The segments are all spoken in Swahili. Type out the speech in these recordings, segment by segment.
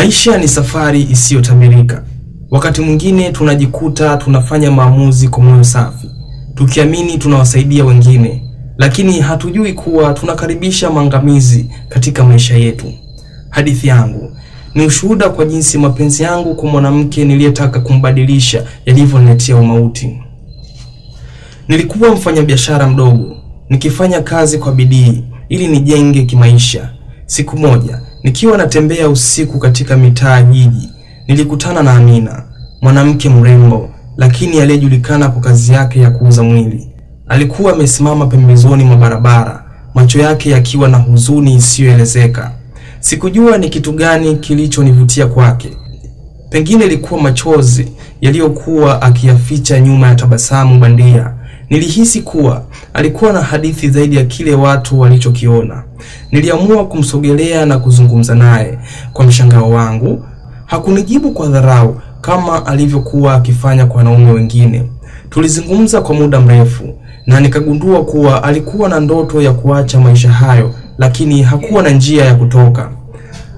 Maisha ni safari isiyotabirika. Wakati mwingine tunajikuta tunafanya maamuzi kwa moyo safi, tukiamini tunawasaidia wengine, lakini hatujui kuwa tunakaribisha maangamizi katika maisha yetu. Hadithi yangu ni ushuhuda kwa jinsi mapenzi yangu kwa mwanamke niliyetaka kumbadilisha yalivyoniletea umauti. Nilikuwa mfanyabiashara mdogo, nikifanya kazi kwa bidii ili nijenge kimaisha. Siku moja Nikiwa natembea usiku katika mitaa ya jiji, nilikutana na Amina, mwanamke mrembo lakini aliyejulikana kwa kazi yake ya kuuza mwili. Alikuwa amesimama pembezoni mwa barabara, macho yake yakiwa na huzuni isiyoelezeka. Sikujua ni kitu gani kilichonivutia kwake. Pengine ilikuwa machozi yaliyokuwa akiyaficha nyuma ya tabasamu bandia. Nilihisi kuwa alikuwa na hadithi zaidi ya kile watu walichokiona. Niliamua kumsogelea na kuzungumza naye. Kwa mshangao wangu, hakunijibu kwa dharau kama alivyokuwa akifanya kwa wanaume wengine. Tulizungumza kwa muda mrefu na nikagundua kuwa alikuwa na ndoto ya kuacha maisha hayo, lakini hakuwa na njia ya kutoka.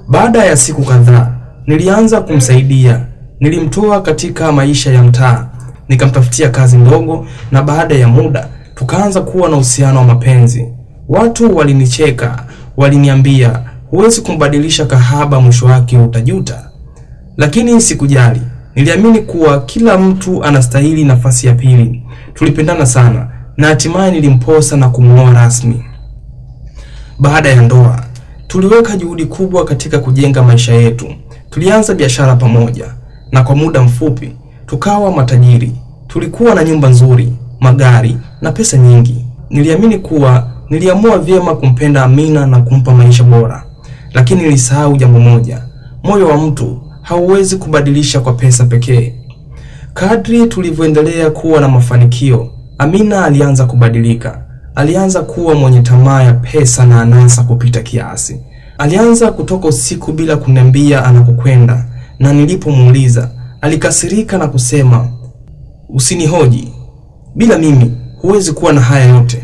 Baada ya siku kadhaa, nilianza kumsaidia. Nilimtoa katika maisha ya mtaa, nikamtafutia kazi ndogo, na baada ya muda tukaanza kuwa na uhusiano wa mapenzi. Watu walinicheka, waliniambia huwezi kumbadilisha kahaba, mwisho wake utajuta. Lakini sikujali, niliamini kuwa kila mtu anastahili nafasi ya pili. Tulipendana sana na hatimaye nilimposa na kumuoa rasmi. Baada ya ndoa, tuliweka juhudi kubwa katika kujenga maisha yetu. Tulianza biashara pamoja na kwa muda mfupi tukawa matajiri. Tulikuwa na nyumba nzuri, magari na pesa nyingi. Niliamini kuwa niliamua vyema kumpenda Amina na kumpa maisha bora, lakini nilisahau jambo moja: moyo wa mtu hauwezi kubadilisha kwa pesa pekee. Kadri tulivyoendelea kuwa na mafanikio, Amina alianza kubadilika. Alianza kuwa mwenye tamaa ya pesa na anasa kupita kiasi. Alianza kutoka usiku bila kuniambia anakokwenda, na nilipomuuliza alikasirika na kusema, usinihoji, bila mimi huwezi kuwa na haya yote.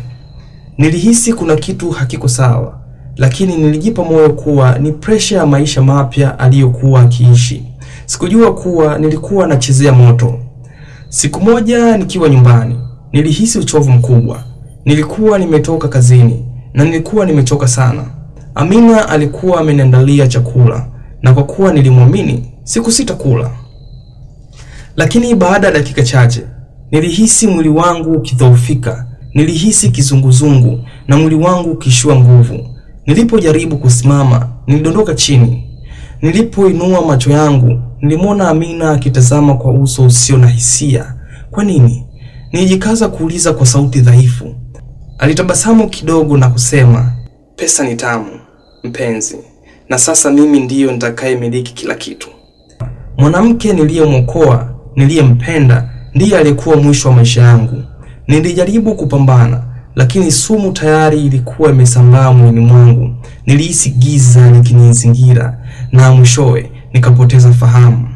Nilihisi kuna kitu hakiko sawa, lakini nilijipa moyo kuwa ni presha ya maisha mapya aliyokuwa akiishi. Sikujua kuwa nilikuwa nachezea moto. Siku moja nikiwa nyumbani, nilihisi uchovu mkubwa. Nilikuwa nimetoka kazini na nilikuwa nimechoka sana. Amina alikuwa ameniandalia chakula na kwa kuwa nilimwamini, sikusita kula. Lakini baada ya dakika chache Nilihisi mwili wangu ukidhoofika, nilihisi kizunguzungu na mwili wangu ukishua nguvu. Nilipojaribu kusimama, nilidondoka chini. Nilipoinua macho yangu, nilimwona Amina akitazama kwa uso usio na hisia. Kwa nini? Nilijikaza kuuliza kwa sauti dhaifu. Alitabasamu kidogo na kusema, pesa ni tamu mpenzi, na sasa mimi ndiyo nitakayemiliki kila kitu. Mwanamke niliyemwokoa, niliyempenda ndiye alikuwa mwisho wa maisha yangu. Nilijaribu kupambana, lakini sumu tayari ilikuwa imesambaa mwilini mwangu. Nilihisi giza likinizingira na mwishowe nikapoteza fahamu.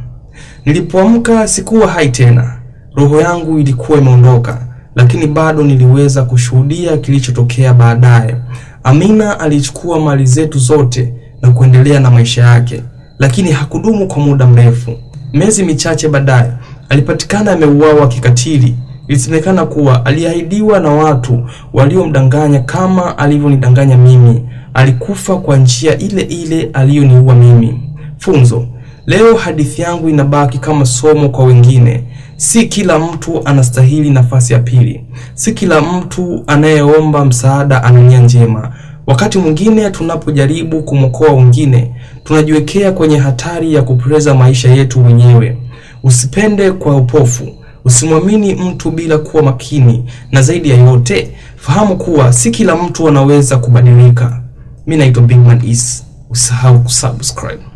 Nilipoamka sikuwa hai tena, roho yangu ilikuwa imeondoka, lakini bado niliweza kushuhudia kilichotokea baadaye. Amina alichukua mali zetu zote na kuendelea na maisha yake, lakini hakudumu kwa muda mrefu. Miezi michache baadaye alipatikana ameuawa kikatili. Ilisemekana kuwa aliahidiwa na watu waliomdanganya kama alivyonidanganya mimi. Alikufa kwa njia ile ile aliyoniua mimi. Funzo: leo hadithi yangu inabaki kama somo kwa wengine. Si kila mtu anastahili nafasi ya pili. Si kila mtu anayeomba msaada ana nia njema. Wakati mwingine tunapojaribu kumwokoa wengine, tunajiwekea kwenye hatari ya kupoteza maisha yetu wenyewe. Usipende kwa upofu, usimwamini mtu bila kuwa makini, na zaidi ya yote fahamu kuwa si kila mtu anaweza kubadilika. Mimi naitwa Bigman Is, usahau kusubscribe.